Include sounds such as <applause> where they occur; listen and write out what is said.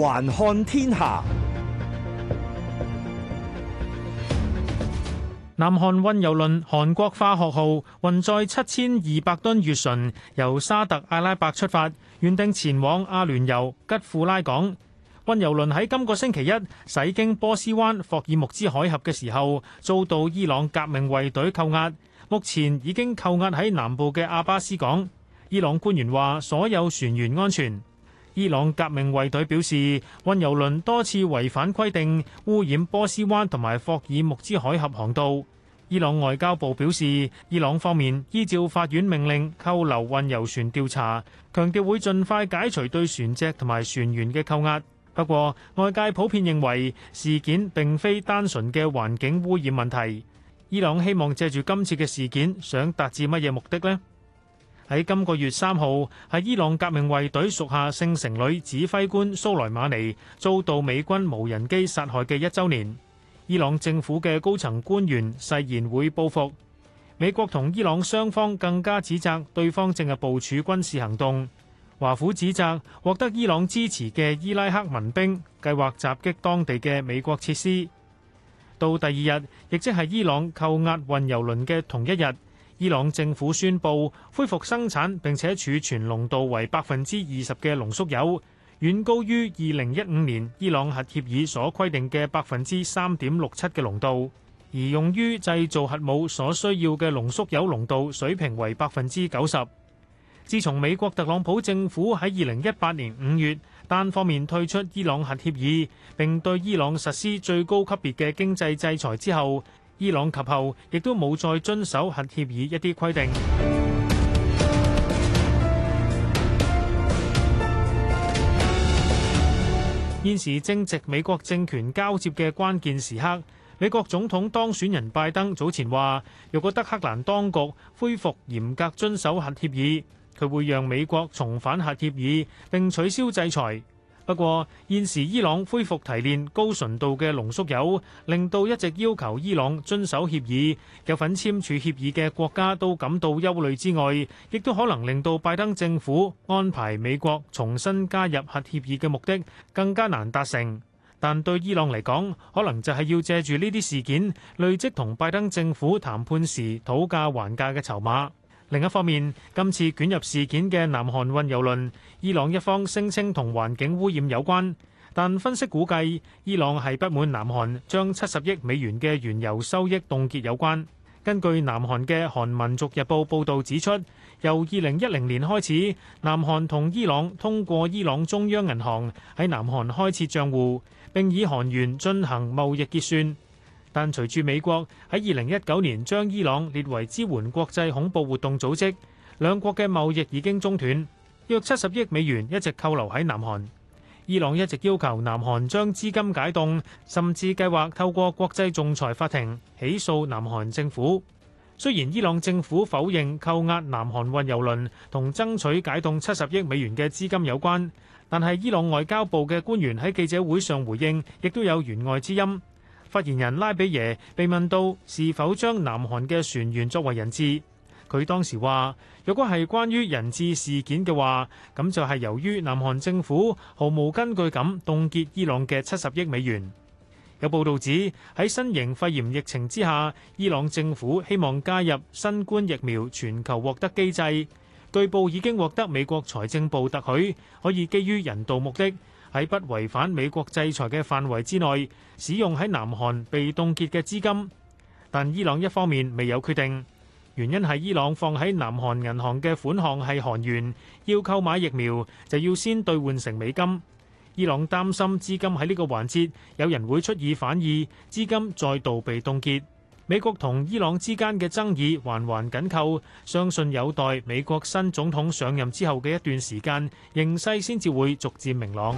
環看天下，南韓運油輪韓國化學號運載七千二百噸乙醇，由沙特阿拉伯出發，原定前往阿聯酋吉富拉港。運油輪喺今個星期一駛經波斯灣霍爾木茲海峽嘅時候，遭到伊朗革命衛隊扣押，目前已經扣押喺南部嘅阿巴斯港。伊朗官員話，所有船員安全。伊朗革命衛隊表示，運油輪多次違反規定，污染波斯灣同埋霍爾木茲海峽航道。伊朗外交部表示，伊朗方面依照法院命令扣留運油船調查，強調會盡快解除對船隻同埋船員嘅扣押。不過，外界普遍認為事件並非單純嘅環境污染問題。伊朗希望借住今次嘅事件，想達至乜嘢目的呢？喺今個月三號，係伊朗革命衛隊屬下聖城旅指揮官蘇萊馬尼遭到美軍無人機殺害嘅一週年，伊朗政府嘅高層官員誓言會報復。美國同伊朗雙方更加指責對方正係部署軍事行動。華府指責獲得伊朗支持嘅伊拉克民兵計劃襲擊當地嘅美國設施。到第二日，亦即係伊朗扣押運油輪嘅同一日。伊朗政府宣布恢復生產並且儲存濃度為百分之二十嘅濃縮鈾，遠高於二零一五年伊朗核協議所規定嘅百分之三點六七嘅濃度，而用於製造核武所需要嘅濃縮鈾濃度水平為百分之九十。自從美國特朗普政府喺二零一八年五月單方面退出伊朗核協議，並對伊朗實施最高級別嘅經濟制裁之後，伊朗及後亦都冇再遵守核協議一啲規定。 <music> 現時正值美國政權交接嘅關鍵時刻，美國總統當選人拜登早前話：若果德黑蘭當局恢復嚴格遵守核協議，佢會讓美國重返核協議並取消制裁。不過，現時伊朗恢復提煉高純度嘅濃縮鈾，令到一直要求伊朗遵守協議、有份簽署協議嘅國家都感到憂慮之外，亦都可能令到拜登政府安排美國重新加入核協議嘅目的更加難達成。但對伊朗嚟講，可能就係要借住呢啲事件，累積同拜登政府談判時討價還價嘅籌碼。另一方面，今次捲入事件嘅南韓運油輪，伊朗一方聲稱同環境污染有關，但分析估計伊朗係不滿南韓將七十億美元嘅原油收益凍結有關。根據南韓嘅《韓民族日報》報道指出，由二零一零年開始，南韓同伊朗通過伊朗中央銀行喺南韓開設賬戶，並以韓元進行貿易結算。但隨住美國喺二零一九年將伊朗列為支援國際恐怖活動組織，兩國嘅貿易已經中斷，約七十億美元一直扣留喺南韓。伊朗一直要求南韓將資金解凍，甚至計劃透過國際仲裁法庭起訴南韓政府。雖然伊朗政府否認扣押南韓運油輪同爭取解凍七十億美元嘅資金有關，但係伊朗外交部嘅官員喺記者會上回應，亦都有弦外之音。發言人拉比耶被問到是否將南韓嘅船員作為人質，佢當時話：若果係關於人質事件嘅話，咁就係由於南韓政府毫無根據咁凍結伊朗嘅七十億美元。有報導指喺新型肺炎疫情之下，伊朗政府希望加入新冠疫苗全球獲得機制，據報已經獲得美國財政部特許，可以基於人道目的，喺不違反美國制裁嘅範圍之內使用喺南韓被凍結嘅資金，但伊朗一方面未有決定，原因係伊朗放喺南韓銀行嘅款項係韓元，要購買疫苗就要先兌換成美金。伊朗擔心資金喺呢個環節有人會出爾反爾，資金再度被凍結。美國同伊朗之間嘅爭議環環緊扣，相信有待美國新總統上任之後嘅一段時間，形勢先至會逐漸明朗。